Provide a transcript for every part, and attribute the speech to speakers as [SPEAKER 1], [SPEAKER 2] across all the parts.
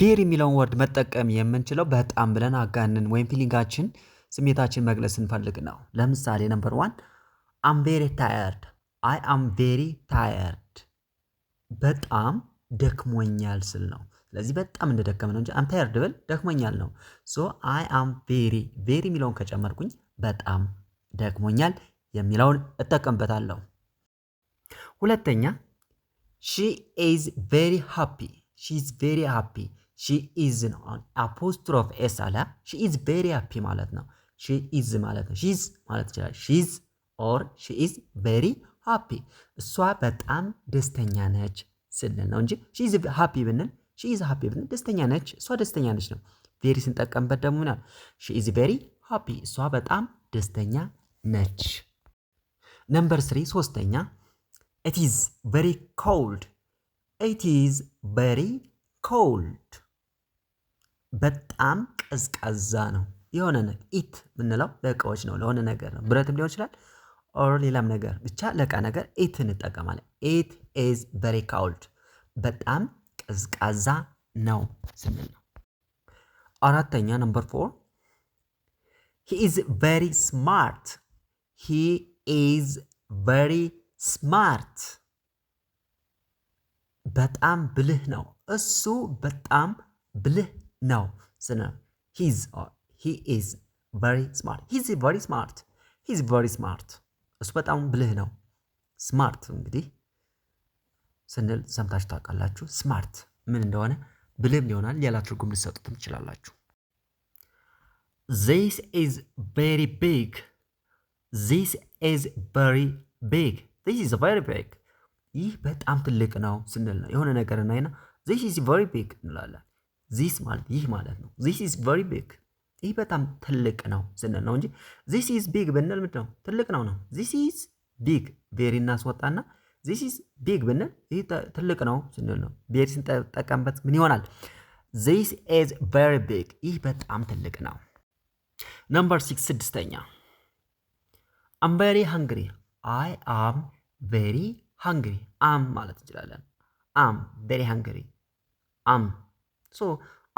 [SPEAKER 1] ዴር የሚለውን ወርድ መጠቀም የምንችለው በጣም ብለን አጋንን ወይም ፊሊንጋችን ስሜታችን መግለጽ ስንፈልግ ነው። ለምሳሌ ነምበር ዋን አም ቬሪ ታየርድ፣ አይ አም ቬሪ ታየርድ በጣም ደክሞኛል ስል ነው። ስለዚህ በጣም እንደደከመ ነው እንጂ አም ታየርድ ብል ደክሞኛል ነው። ሶ አይ አም ቬሪ ቬሪ የሚለውን ከጨመርኩኝ በጣም ደክሞኛል የሚለውን እጠቀምበታለሁ። ሁለተኛ ሺ ኢዝ ቬሪ ሃፒ ሺ ኢዝ ቬሪ ሃፒ ሺኢዝ ነው። አሁን አፖስትሮፍ ኤስ አለ። ሺኢዝ ቬሪ ሃፒ ማለት ነው። ሺኢዝ ማለት ነው። ሺዝ ማለት ይችላል። ሺዝ ኦር ሺኢዝ ቬሪ ሃፒ እሷ በጣም ደስተኛ ነች ስንል ነው እንጂ ሺኢዝ ሃፒ ብንል ሺኢዝ ሃፒ ብንል ደስተኛ ነች፣ እሷ ደስተኛ ነች ነው። ቬሪ ስንጠቀምበት ደግሞ ምናል ሺኢዝ ቬሪ ሃፒ እሷ በጣም ደስተኛ ነች። ነምበር ስሪ ሶስተኛ ኢትዝ ቬሪ ኮልድ ኢትዝ ቬሪ ኮልድ በጣም ቀዝቃዛ ነው። የሆነ ነገር ኢት የምንለው ለእቃዎች ነው፣ ለሆነ ነገር ነው። ብረትም ሊሆን ይችላል ኦር ሌላም ነገር ብቻ ለእቃ ነገር ኢት እንጠቀማለን። ኢት ኢዝ ቨሪ ካውልድ በጣም ቀዝቃዛ ነው ስንል ነው። አራተኛ ነምበር ፎር ሂ ኢዝ ቬሪ ስማርት። ሂ ኢዝ ቬሪ ስማርት በጣም ብልህ ነው። እሱ በጣም ብልህ ነው ስነ ሂዝ ኢዝ ቨሪ ስማርት ሂዝ ቨሪ ስማርት ሂዝ ቨሪ ስማርት እሱ በጣም ብልህ ነው። ስማርት እንግዲህ ስንል ሰምታችሁ ታውቃላችሁ። ስማርት ምን እንደሆነ ብልህም ሊሆናል ሌላ ትርጉም ልሰጡትም ትችላላችሁ። ዚስ ኢዝ ቢግ ዚስ ኢዝ ቢግ ዚስ ኢዝ ቢግ ይህ በጣም ትልቅ ነው ስንል ነው የሆነ ነገር እናይና ዚስ ኢዝ ቨሪ ቢግ እንላለን። ዚስ ማለት ይህ ማለት ነው። ዚስ ኢዝ ቨሪ ቢግ ይህ በጣም ትልቅ ነው ስንል ነው እንጂ ዚስ ኢዝ ቢግ ብንል ምንድን ነው ትልቅ ነው ነው። ዚስ ኢዝ ቢግ ቬሪ እናስወጣና ዚስ ኢዝ ቢግ ብንል ይህ ትልቅ ነው ስንል ነው። ቬሪ ስንጠቀምበት ምን ይሆናል? ዚስ ኢዝ ቨሪ ቢግ ይህ በጣም ትልቅ ነው። ነምበር ሲክስ ስድስተኛ አም ቬሪ ሃንግሪ አይ አም ቬሪ ሃንግሪ አም ማለት እንችላለን። አም ቬሪ ሃንግሪ አም ሶ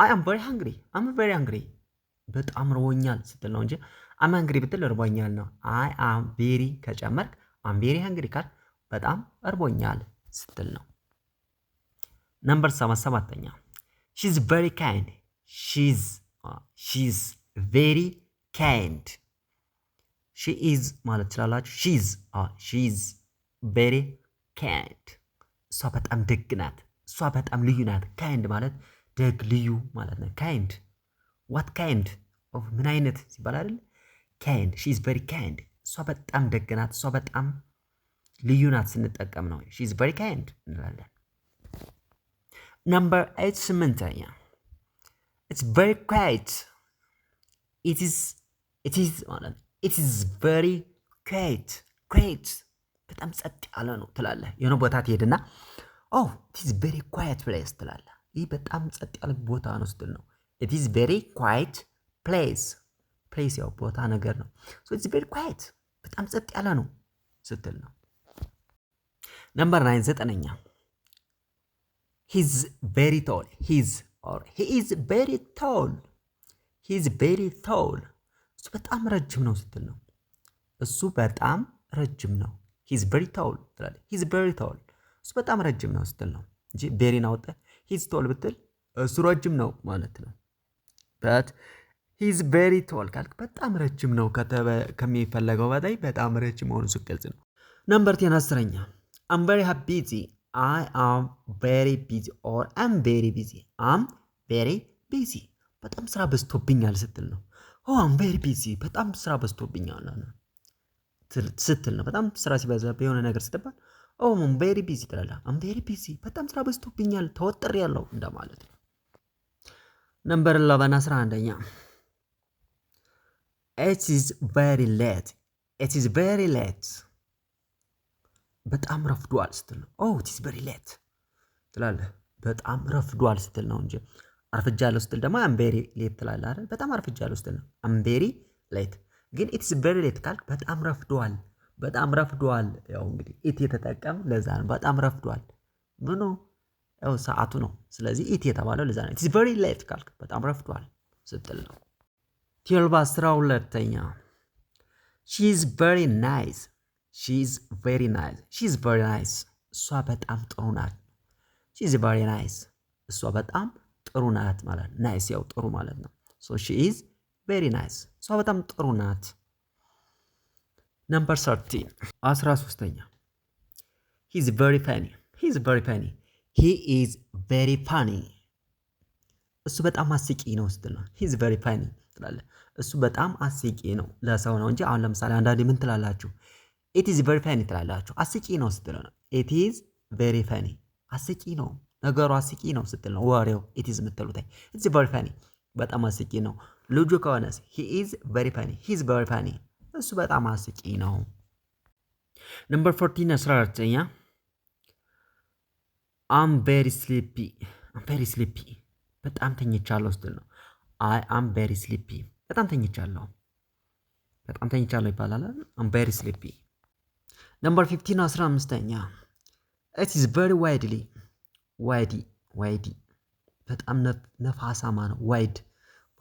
[SPEAKER 1] አይ አም ቨሪ ሃንግሪ አም ቨሪ ሃንግሪ በጣም ርቦኛል ስትል ነው እንጂ አም ሃንግሪ ብትል እርቦኛል ነው። አይ አም ቬሪ ከጨመርክ አም ቬሪ ሃንግሪ ካል በጣም እርቦኛል ስትል ነው። ነምበር ሰባት ሰባተኛ ሺዝ ቨሪ ካይንድ ሺዝ ሺዝ ቬሪ ካይንድ ሺ ኢዝ ማለት ትችላላችሁ። ሺዝ ሺዝ ቬሪ ካይንድ እሷ በጣም ደግ ናት። እሷ በጣም ልዩ ናት። ካይንድ ማለት ደግ፣ ልዩ ማለት ነው። ካይንድ ዋት ካይንድ ኦፍ ምን አይነት ሲባል አይደል? ካይንድ ሺ ኢዝ ቨሪ ካይንድ። እሷ በጣም ደግ ናት፣ እሷ በጣም ልዩ ናት ስንጠቀም ነው ሺ ኢዝ ቨሪ ካይንድ እንላለን። ነምበር ኤይት ስምንተኛ ኢትስ ቨሪ ኳይት ኢትስ ኢትስ ማለት ኢትስ ቨሪ ኳይት ኳይት በጣም ጸጥ ያለ ነው ትላለህ። የሆነ ቦታ ትሄድና ኦ ኢትስ ቨሪ ኳይት ፕሌስ ትላለህ ይህ በጣም ጸጥ ያለ ቦታ ነው ስትል ነው። ኢት ኢዝ ቬሪ ኳይት ፕሌስ። ፕሌስ ያው ቦታ ነገር ነው። ሶ ኢት ቬሪ ኳይት፣ በጣም ጸጥ ያለ ነው ስትል ነው። ነምበር ናይን ዘጠነኛ ሂዝ ቬሪ ቶል ሂዝ ኦር ሂ ኢዝ ቬሪ ቶል ሂ ቬሪ ቶል። እሱ በጣም ረጅም ነው ስትል ነው። እሱ በጣም ረጅም ነው። ሂዝ ቬሪ ቶል ትላለች። ሂዝ ቬሪ ቶል እሱ በጣም ረጅም ነው ስትል ነው እንጂ ቬሪን አውጥተህ ሂዝ ቶል ብትል እሱ ረጅም ነው ማለት ነው። በት ሂዝ ቬሪ ቶል ካልክ በጣም ረጅም ነው ከሚፈለገው በላይ በጣም ረጅም መሆኑ ግልጽ ነው። ነምበር ቴን አስረኛ አም ቬሪ ቢዚ አይ አም ቬሪ ቢዚ ኦር አም ቬሪ ቢዚ አም ቬሪ ቢዚ በጣም ስራ በዝቶብኛል ስትል ነው። አም ቬሪ ቢዚ በጣም ስራ በዝቶብኛል ስትል ነው። በጣም ስራ ሲበዛ የሆነ ነገር ስትባል ኦም ቬሪ ቢዚ ትላለ። አም ቬሪ ቢዚ በጣም ስራ በዝቶብኛል ተወጥሬ ያለው እንደማለት ነው። ነምበር ለበን አስራ አንደኛ ኢት ኢዝ ቬሪ ሌት ኢት ኢዝ ቬሪ ሌት በጣም ረፍዷል ስትል ነው። ኦ ኢት ኢዝ ቬሪ ሌት ትላለ። በጣም ረፍዷል ስትል ነው እንጂ አርፍጃለሁ ስትል ደግሞ አም ቬሪ ሌት ትላለ አይደል? በጣም አርፍጃለሁ ስትል ነው አም ቬሪ ሌት። ግን ኢት ኢዝ ቬሪ ሌት ካልክ በጣም ረፍዷል በጣም ረፍዷል። ያው እንግዲህ ኢት የተጠቀም ለዛ ነው። በጣም ረፍዷል ምኑ ያው ሰዓቱ ነው። ስለዚህ ኢት የተባለው ለዛ ነው። ኢትስ ቨሪ ሌት ካልክ በጣም ረፍዷል ስትል ነው። ቴልባ አስራ ሁለተኛ ሺዝ ቨሪ ናይስ ሺዝ ቨሪ ናይስ ሺዝ ቨሪ ናይስ እሷ በጣም ጥሩ ናት። ሺዝ ቨሪ ናይስ እሷ በጣም ጥሩ ናት ማለት ናይስ ያው ጥሩ ማለት ነው። ሶ ሺ ኢዝ ቬሪ ናይስ እሷ በጣም ጥሩ ናት። ነምበር 13 13ኛ ሂዝ ቨሪ ፋኒ ሂዝ ቨሪ ፋኒ ሂ ኢዝ ቨሪ ፋኒ እሱ በጣም አስቂ ነው ስትል ነው ሂዝ ቨሪ ፋኒ ትላለህ። እሱ በጣም አስቂ ነው ለሰው ነው እንጂ አሁን ለምሳሌ አንዳንዴ ምን ትላላችሁ? ኢት ኢዝ ቨሪ ፋኒ ትላላችሁ። አስቂ ነው ስትል ነው ኢት ኢዝ ቨሪ ፋኒ አስቂ ነው ነገሩ አስቂ ነው ስትል ነው ወሬው ኢት ኢዝ የምትሉት ኢት ኢዝ ቨሪ ፋኒ በጣም አስቂ ነው። ልጁ ከሆነስ ሂ ኢዝ ቨሪ ፋኒ ሂ ኢዝ ቨሪ ፋኒ እሱ በጣም አስቂ ነው። ነምበር 14 14ኛ አም ቬሪ ስሊፒ አም ቬሪ ስሊፒ በጣም ተኝቻለሁ ስትል ነው። አይ አም ቬሪ ስሊፒ በጣም ተኝቻለሁ በጣም ተኝቻለሁ ይባላል። አም ቬሪ ስሊፒ። ነምበር 15 15ኛ ኢት ኢዝ ቬሪ ዋይድሊ ዋይዲ ዋይዲ በጣም ነፋሳማ ነው ዋይድ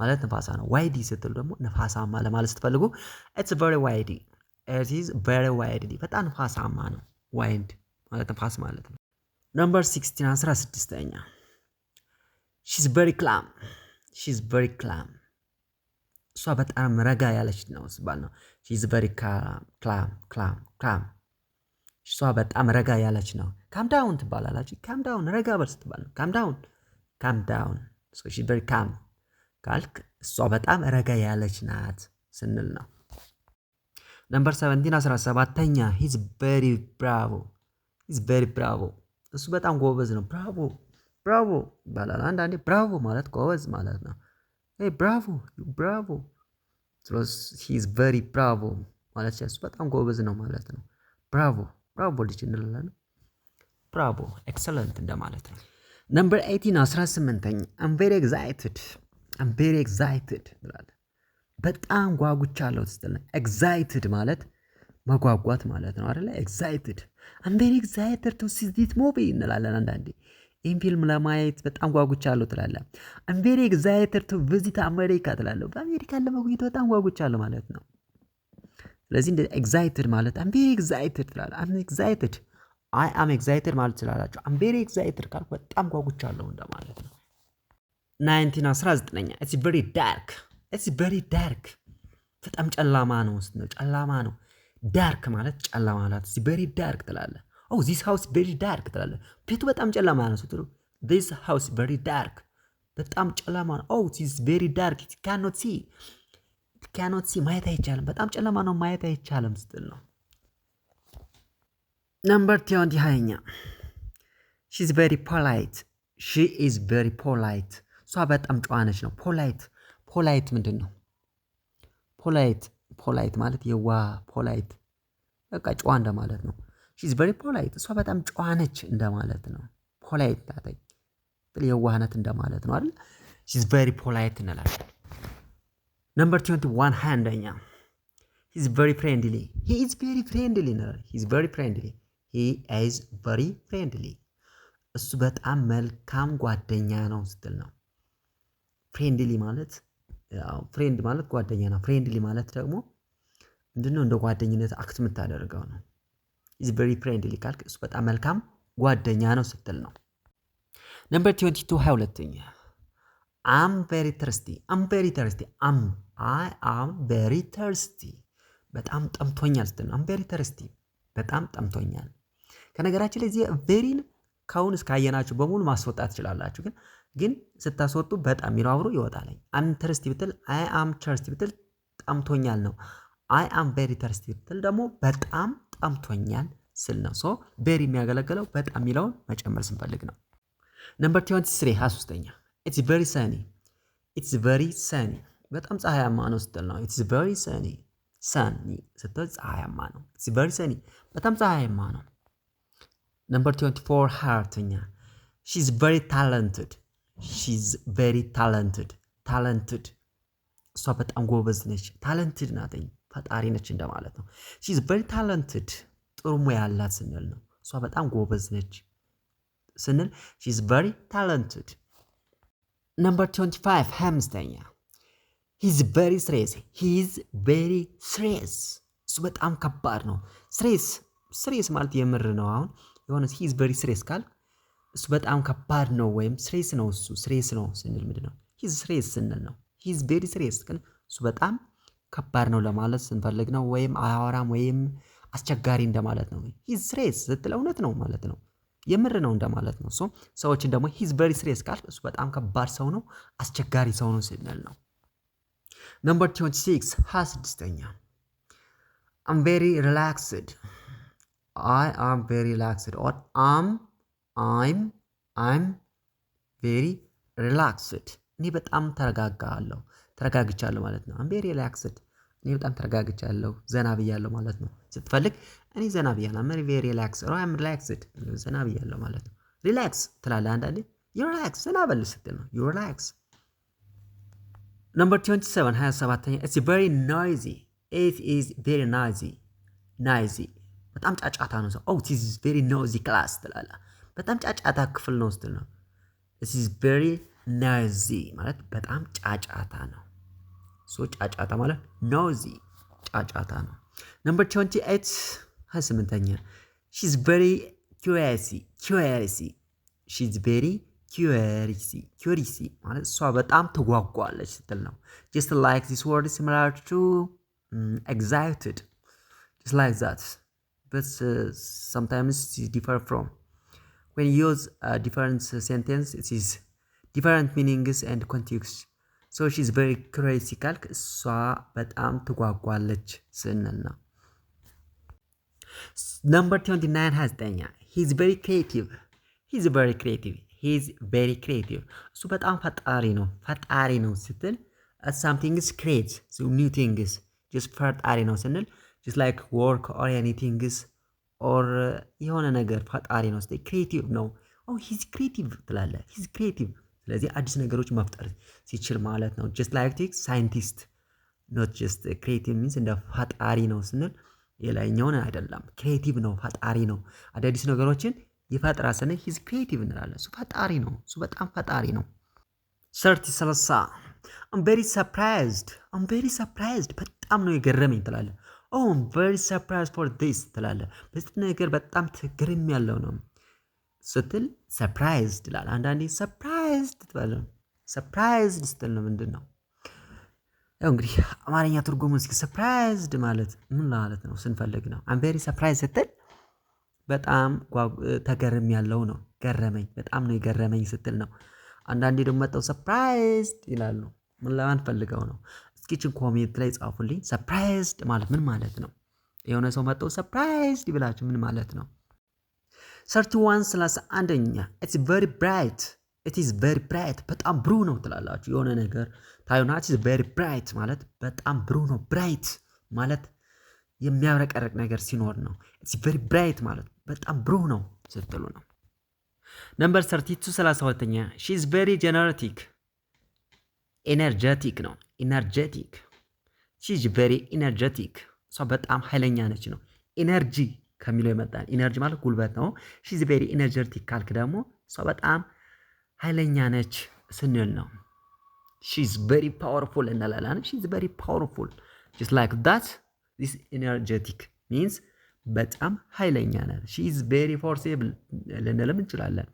[SPEAKER 1] ማለት ነፋሳ ነው። ዋይዲ ስትሉ ደግሞ ነፋሳማ ለማለት ስትፈልጉ ኢትስ ቨሪ ዋይዲ ኢትስ ቨሪ ዋይዲ በጣም ነፋሳማ ነው። ዋይንድ ማለት ነፋስ ማለት ነው። ነምበር ሲክስቲን አስራ ስድስተኛ ሺዝ ቨሪ ክላም ሺዝ ቨሪ ክላም እሷ በጣም ረጋ ያለች ነው ስባል ነው። ሺዝ ቨሪ ክላም ክላም ክላም እሷ በጣም ረጋ ያለች ነው። ካም ካምዳውን ትባላላችሁ። ዳውን ረጋ በል ስትባል ነው። ካም ዳውን ካምዳውን ካምዳውን ሺዝ ቨሪ ካም ካልክ እሷ በጣም ረጋ ያለች ናት ስንል ነው። ነምበር ሰቨንቲን አስራ ሰባተኛ ሂዝ ብራ ብራቮ ሂዝ ቬሪ ብራቮ እሱ በጣም ጎበዝ ነው። ብራቮ ብራቮ ይባላል። አንዳንዴ ብራቮ ማለት ጎበዝ ማለት ነው። ብራቮ ብራቮ ሂዝ ቬሪ ብራቮ ማለት እሱ በጣም ጎበዝ ነው ማለት ነው። ብራቮ ብራቮ ልጅ እንላለን። ብራቮ ኤክሰለንት እንደማለት ነው። ነምበር ኤይቲን 18ኛ አም ቬሪ ኤግዛይትድ ቬሪ ኤግዛይትድ ብላለ። በጣም ጓጉቻለሁ ስትል ኤግዛይትድ ማለት መጓጓት ማለት ነው አደለ? ኤግዛይትድ አም ቬሪ ኤግዛይትድ ቱ ሲ ዚስ ሙቪ እንላለን። አንዳንዴ ይህን ፊልም ለማየት በጣም ጓጉቻለሁ ትላለ። አም ቬሪ ኤግዛይትድ ቱ ቪዚት አሜሪካ ትላለሁ። በአሜሪካን ለመጎብኘት በጣም ጓጉቻለሁ ማለት ነው። ስለዚህ እንደ ኤግዛይትድ ማለት አም ቬሪ ኤግዛይትድ ትላለ። አም ኤግዛይትድ አይ አም ኤግዛይትድ ማለት ትችላላችሁ። አም ቬሪ ኤግዛይትድ ካልኩ በጣም ጓጉቻለሁ እንደማለት ነው። ናይንቲን አስራ ኢትስ ቬሪ ዳርክ ኢትስ ቬሪ ዳርክ በጣም ጨላማ ነው ነው ጨላማ ነው። ዳርክ ማለት ጨላማ ማለት ኢትስ ቬሪ ዳርክ ትላለህ። ኦ ዚስ ሃውስ ቬሪ ዳርክ ትላለህ። ቤቱ በጣም ጨላማ ነው ስትሉ ዚስ ሃውስ ቬሪ ዳርክ፣ በጣም ጨላማ ነው። ኦ ዚስ ቬሪ ዳርክ ኢት ካኖት ሲ ኢት ካኖት ሲ፣ ማየት አይቻልም፣ በጣም ጨላማ ነው፣ ማየት አይቻልም ስትል ነው። ነምበር ትዌንቲ ሃያኛ ሺ ኢዝ ቬሪ ፖላይት ሺ ኢዝ ቬሪ ፖላይት እሷ በጣም ጨዋነች ነው። ፖላይት ፖላይት ምንድን ነው? ፖላይት ፖላይት ማለት የዋ ፖላይት በቃ ጨዋ እንደማለት ነው። ሺዝ ቨሪ ፖላይት እሷ በጣም ጨዋነች እንደማለት ነው። ፖላይት ታጠኝ ጥል የዋህነት እንደማለት ነው አይደል? ሺዝ ቨሪ ፖላይት እንላለን። ነምበር 21 ዋን ሀያ አንደኛ ሂዝ ቨሪ ፍሬንድሊ ሂ ኢዝ ቨሪ ፍሬንድሊ እንላለን። ሂዝ ቨሪ ፍሬንድሊ ሂ ኢዝ ቨሪ ፍሬንድሊ እሱ በጣም መልካም ጓደኛ ነው ስትል ነው። ፍሬንድሊ ማለት ያው ፍሬንድ ማለት ጓደኛ ነው። ፍሬንድሊ ማለት ደግሞ ምንድነው? እንደ ጓደኝነት አክት የምታደርገው ነው። ኢዝ ቬሪ ፍሬንድሊ ካልክ እሱ በጣም መልካም ጓደኛ ነው ስትል ነው። ነምበር 22 22 ሀያ አም ቬሪ ተርስቲ አም ቬሪ ተርስቲ አም አይ አም ቬሪ ተርስቲ በጣም ጠምቶኛል ስትል ነው። አም ቬሪ ተርስቲ በጣም ጠምቶኛል። ከነገራችን ላይ እዚህ ቬሪን ካሁን እስካየናችሁ በሙሉ ማስወጣት ትችላላችሁ ግን ግን ስታስወጡ በጣም የሚለው አብሮ ይወጣል። አም ተርስቲ ብትል አይ አም ተርስቲ ብትል ጠምቶኛል ነው። አይ አም ቬሪ ተርስቲ ብትል ደግሞ በጣም ጠምቶኛል ስል ነው። ሶ ቬሪ የሚያገለግለው በጣም የሚለውን መጨመር ስንፈልግ ነው። ነምበር ትዌንቲ ስሪ ሀያ ሶስተኛ ኢትስ ቬሪ ሰኒ ኢትስ ቬሪ ሰኒ በጣም ፀሐያማ ነው ስትል ነው። ኢትስ ቬሪ ሰኒ ሰኒ ስትል ፀሐያማ ነው። ኢትስ ቬሪ ሰኒ በጣም ፀሐያማ ነው። ነምበር ትዌንቲ ፎር ሀያ ሺ ኢዝ ቬሪ ታለንትድ ሺዝ ቬሪ ታለንትድ ታለንትድ እሷ በጣም ጎበዝ ነች፣ ታለንትድ ናትኝ ፈጣሪ ነች እንደማለት ነው። ሺዝ ቬሪ ታለንትድ ጥሩ ሙያ ያላት ስንል ነው። እሷ በጣም ጎበዝ ነች ስንል ሺዝ ቬሪ ታለንትድ። ነምበር 25 አምስተኛ ሂዝ ቬሪ ስሬስ ሂዝ ቬሪ ስትሬስ እሱ በጣም ከባድ ነው። ስሬስ ስትሬስ ማለት የምር ነው። አሁን የሆነ ሂዝ ቬሪ ስሬስ ካል እሱ በጣም ከባድ ነው ወይም ስሬስ ነው እሱ ስሬስ ነው ስንል ምንድን ነው ሂዝ ስሬስ ስንል ነው። ሂዝ ቬሪ ስሬስ ግን እሱ በጣም ከባድ ነው ለማለት ስንፈልግ ነው። ወይም አያወራም ወይም አስቸጋሪ እንደማለት ነው። ሂዝ ስሬስ ስትል እውነት ነው ማለት ነው። የምር ነው እንደማለት ነው። ሰዎችን ደግሞ ሂዝ ቬሪ ስሬስ ቃል እሱ በጣም ከባድ ሰው ነው፣ አስቸጋሪ ሰው ነው ስንል ነው። ነምበር ትዌንቲ ሲክስ ሀያ ስድስተኛ አም ቬሪ ሪላክስድ አይ አም ቬሪ ሪላክስድ ኦር አም አይም አይም ቬሪ ሪላክስድ እኔ በጣም ተረጋጋለሁ ተረጋግቻለሁ ማለት ነው። አም ቬሪ ሪላክስድ እኔ በጣም ተረጋግቻለሁ ዘና ብያለሁ ማለት ነው። ስትፈልግ እኔ ዘና ብያለሁ አም ቬሪ ሪላክስድ ኦር አይም ሪላክስድ ዘና ብያለሁ ማለት ነው። ሪላክስ ትላለህ አንዳንዴ ሪላክስ ዘና በል ስትል ነው ሪላክስ። ነምበር 27 27ኛ ኢትስ ቬሪ ኖይዚ ኢት ኢዝ ቬሪ ኖይዚ ናይዚ በጣም ጫጫታ ነው ሰው ኦ ኢት ኢዝ ቬሪ ኖይዚ ክላስ ትላለህ በጣም ጫጫታ ክፍል ነው ስትል ነው። ስ ቬሪ ኖይዚ ማለት በጣም ጫጫታ ነው። ሶ ጫጫታ ማለት ኖይዚ ጫጫታ ነው። ነምበር ትዌንቲ ኤይት ሀያ ስምንተኛ ሺ ኢዝ ቬሪ ኪሪየስ ኪሪየስ ሺ ኢዝ ቬሪ ኪሪየስ ኪሪየስ ማለት እሷ በጣም ትጓጓለች ስትል ነው። ጀስት ላይክ ዚስ ወርድ ሲሚላር ቱ ኤግዛይትድ ጀስት ላይክ ዛት በት ሰምታይምስ ዲፈር ፍሮም when you use a different sentence, it is different meanings and context. So she's very crazy ካልክ እሷ በጣም ትጓጓለች ስንል ነው። Number 29 has ዘጠነኛ he's very creative. He's very creative. he's very creative. እሱ በጣም ፈጣሪ ነው ፈጣሪ ነው ስትል something is creates so new things just ፈጣሪ ነው ስንል just like work or anything is ኦር የሆነ ነገር ፈጣሪን ወስደህ ክሬቲቭ ነው ሂዝ ክሬቲቭ ትላለህ። ሂዝ ክሬቲቭ ስለዚህ አዲስ ነገሮች መፍጠር ሲችል ማለት ነው። ጀስት ላይክ ቴክስ ሳይንቲስት ኖት ጀስት ክሬቲቭ ሚንስ እንደ ፈጣሪ ነው ስንል የላይኛውን አይደለም። ክሬቲቭ ነው ፈጣሪ ነው አዳዲስ ነገሮችን ይፈጥራ ስንል ሂዝ ክሬቲቭ እንላለን። እሱ ፈጣሪ ነው። እሱ በጣም ፈጣሪ ነው። ሰርቲ ሰላሳ አም ቬሪ ሰርፕራይዝድ አም ቬሪ ሰርፕራይዝድ በጣም ነው የገረመኝ ትላለህ። ኦም ቨሪ ሰርፕራይዝ ፎር ዲስ ትላለ። በዚህ ነገር በጣም ትግርም ያለው ነው ስትል ሰርፕራይዝ ትላለ። አንዳንዴ ሰርፕራይዝ ትላለህ። ሰርፕራይዝ ስትል ነው ምንድን ነው ያው እንግዲህ አማርኛ ትርጉሙ እስኪ ሰርፕራይዝድ ማለት ምን ማለት ነው ስንፈልግ ነው። አም ቬሪ ሰርፕራይዝ ስትል በጣም ተገርም ያለው ነው። ገረመኝ፣ በጣም ነው የገረመኝ ስትል ነው። አንዳንዴ ደግሞ መጠው ሰርፕራይዝ ይላሉ። ምን ለማን ፈልገው ነው ኪችን ኮሜንት ላይ ጻፉልኝ። ሰርፕራይዝድ ማለት ምን ማለት ነው? የሆነ ሰው መጥተው ሰርፕራይዝድ ይብላችሁ ምን ማለት ነው? ሰርቲ ዋን ሰላሳ አንደኛ ኢትስ ቨሪ ብራይት ኢትስ ቨሪ ብራይት በጣም ብሩህ ነው ትላላችሁ። የሆነ ነገር ታዩና ኢትስ ቨሪ ብራይት ማለት በጣም ብሩህ ነው። ብራይት ማለት የሚያብረቀርቅ ነገር ሲኖር ነው። ኢትስ ቨሪ ብራይት ማለት በጣም ብሩህ ነው ስትሉ ነው። ነምበር ሰርቲ ቱ ሰላሳ ሁለተኛ ሺ ኢዝ ቨሪ ጀነራቲክ ኤነርጀቲክ ነው ኢነርጀቲክ ሺዝ ቬሪ ኢነርጀቲክ እሷ በጣም ኃይለኛ ነች ነው። ኢነርጂ ከሚለው የመጣ ኢነርጂ ማለት ጉልበት ነው። ሺዝ ቬሪ ኢነርጀቲክ ካልክ ደግሞ እሷ በጣም ኃይለኛ ነች ስንል ነው። ሺዝ ቬሪ ፓወርፉል እንላለን። ሺዝ ቬሪ ፓወርፉል ጅስ ላይክ ዳት ዚስ ኢነርጀቲክ ሚንስ በጣም ኃይለኛ ናት። ሺዝ ቬሪ ፎርሴብል ልንልም እንችላለን።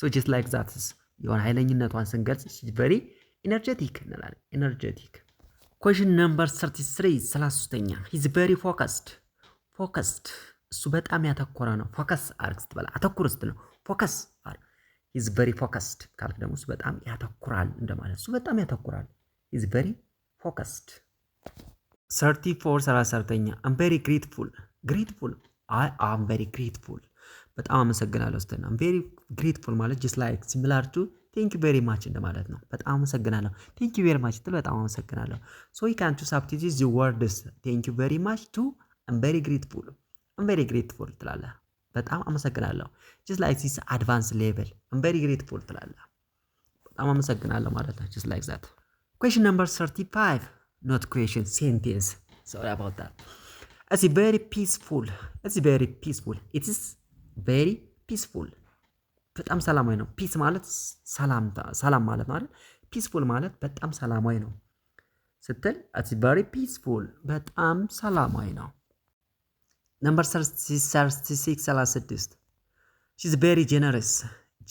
[SPEAKER 1] ሶ ጅስ ላይክ ዛትስ የሆነ ኃይለኝነቷን ስንገልጽ ሺዝ ቬሪ ኤነርጀቲክ እንላለን። ኤነርጀቲክ ኮሽን ነምበር 33 33 ሂዝ ቬሪ ፎከስድ ፎከስድ እሱ በጣም ያተኮረ ነው። ፎከስ አርግ ስትበላ አተኩር ስት ፎከስ አርግ ሂዝ ቬሪ ፎከስድ ካልክ ደግሞ እሱ በጣም ያተኩራል እንደማለት። እሱ በጣም ያተኩራል። ሂዝ ቬሪ ፎከስድ 34 34ኛ አም ቬሪ ግሬትፉል ግሬትፉል አይ አም ቬሪ ግሬትፉል በጣም አመሰግናለሁ ስትል ነው። አም ቬሪ ግሬትፉል ማለት ጀስት ላይክ ሲሚላር ቱ ቴንክ ቬሪ ማች እንደማለት ነው። በጣም አመሰግናለሁ። ቴንክ ቬሪ ማች ትል በጣም አመሰግናለሁ። ሶ ዩ ካን ቱ ሳብስቲቲዩት ዚ ወርድስ ቴንክ ዩ ቬሪ ማች ቱ አም ቬሪ ግሬትፉል አም ቬሪ ግሬትፉል ትላለህ። በጣም አመሰግናለሁ። ጀስት ላይክ ዚስ አድቫንስ ሌቨል አም ቬሪ ግሬትፉል ትላለህ። በጣም አመሰግናለሁ ማለት ነው። ጀስት ላይክ ዛት። ኩዌሽን ነምበር 35 ኖት ኩዌሽን ሴንቴንስ ሶሪ አባውት ዳት ኢትስ ቬሪ ፒስፉል ኢትስ ቬሪ ፒስፉል ኢትስ ቬሪ ፒስፉል በጣም ሰላማዊ ነው። ፒስ ማለት ሰላም ማለት ነው አይደል? ፒስፉል ማለት በጣም ሰላማዊ ነው ስትል ኢትስ ቨሪ ፒስፉል፣ በጣም ሰላማዊ ነው። ነምበር 36 36 ሺዝ ቬሪ ጀነረስ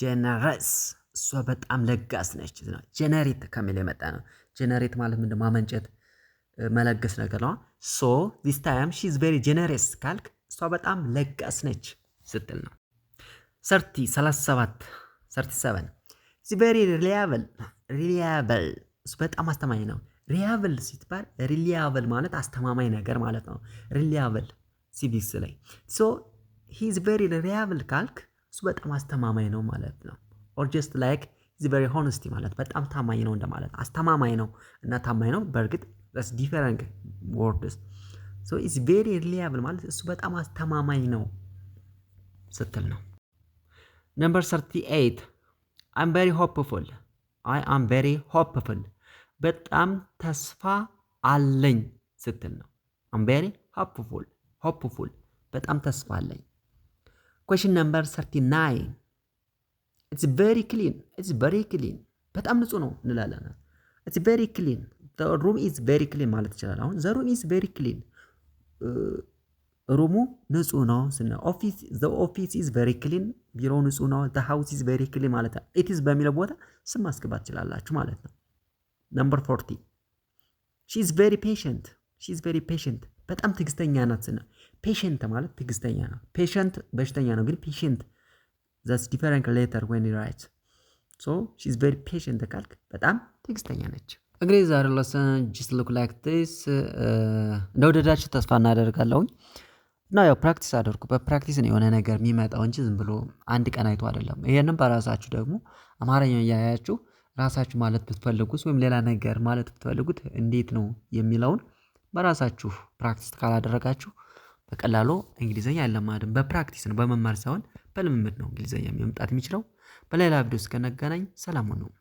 [SPEAKER 1] ጀነረስ፣ እሷ በጣም ለጋስ ነች። ነው ጀነሬት ከሚል የመጣ ነው። ጀነሬት ማለት ምንድን ማመንጨት መለገስ ነገር ነው። ሶ ዚስ ታይም ሺዝ ቬሪ ጀነረስ ካልክ እሷ በጣም ለጋስ ነች ስትል ነው። ሰርቲ 37 ሰርቲ 7 ሰቨን ቨሪ ሪሊያብል ሪሊያብል እሱ በጣም አስተማማኝ ነው። ሪያብል ሲትባል ሪሊያብል ማለት አስተማማኝ ነገር ማለት ነው። ሪሊያብል ሲቪክስ ላይ ሶ ሂዝ ቨሪ ሪሊያብል ካልክ እሱ በጣም አስተማማኝ ነው ማለት ነው። ኦር ጀስት ላይክ ሂዝ ቨሪ ሆነስቲ ማለት በጣም ታማኝ ነው እንደማለት አስተማማኝ ነው እና ታማኝ ነው በእርግጥ ስ ዲፈረንት ወርድስ ሶ ኢዝ ቬሪ ሪሊያብል ማለት እሱ በጣም አስተማማኝ ነው ስትል ነው። ነምበር 38 አም ቨሪ ሆፕፉል አይ አም ቬሪ ሆፕፉል በጣም ተስፋ አለኝ ስትል ነው። አም ቬሪ ሆፕፉል ሆፕፉል በጣም ተስፋ አለኝ። ኮሽን ነምበር 39 ኢትስ ቬሪ ክሊን ኢትስ ቬሪ ክሊን በጣም ንጹህ ነው እንላለን። ኢትስ ቬሪ ክሊን ዘ ሩም ኢዝ ቬሪ ክሊን ማለት ይችላል። አሁን ዘ ሩም ኢዝ ቬሪ ክሊን ሩሙ ንጹህ ነው ስና ኦፊስ ዘ ኦፊስ ኢዝ ቬሪ ክሊን፣ ቢሮ ንጹህ ነው። ዘ ሃውስ ኢዝ ቬሪ ክሊን ማለት ነው። ኢት ኢዝ በሚለው ቦታ ስም ማስገባት ትችላላችሁ ማለት ነው። ነምበር ፎርቲ ሺ ኢዝ ቬሪ ፔሽንት፣ ሺ ኢዝ ቬሪ ፔሽንት፣ በጣም ትዕግስተኛ ናት ስና ፔሽንት ማለት ትዕግስተኛ ነው። ፔሽንት በሽተኛ ነው፣ ግን ፔሽንት ዛትስ ዲፈረንት ሌተር ዌን ራይት ሶ ሺ ኢዝ ቬሪ ፔሽንት ካልክ በጣም ትዕግስተኛ ነች። እንግዲህ ዛሬ ለሰን ጅስት ሉክ ላይክ ዲስ እንደወደዳችሁ ተስፋ እናደርጋለሁኝ። እና ያው ፕራክቲስ አድርጉ በፕራክቲስ ነው የሆነ ነገር የሚመጣው እንጂ ዝም ብሎ አንድ ቀን አይቶ አይደለም። ይሄንም በራሳችሁ ደግሞ አማርኛውን እያያችሁ ራሳችሁ ማለት ብትፈልጉት ወይም ሌላ ነገር ማለት ብትፈልጉት እንዴት ነው የሚለውን በራሳችሁ ፕራክቲስ ካላደረጋችሁ በቀላሉ እንግሊዘኛ አይለማድም። በፕራክቲስ ነው በመማር ሳይሆን በልምምድ ነው እንግሊዘኛ መምጣት የሚችለው። በሌላ ቪዲዮ እስከነገናኝ ሰላሙን ነው።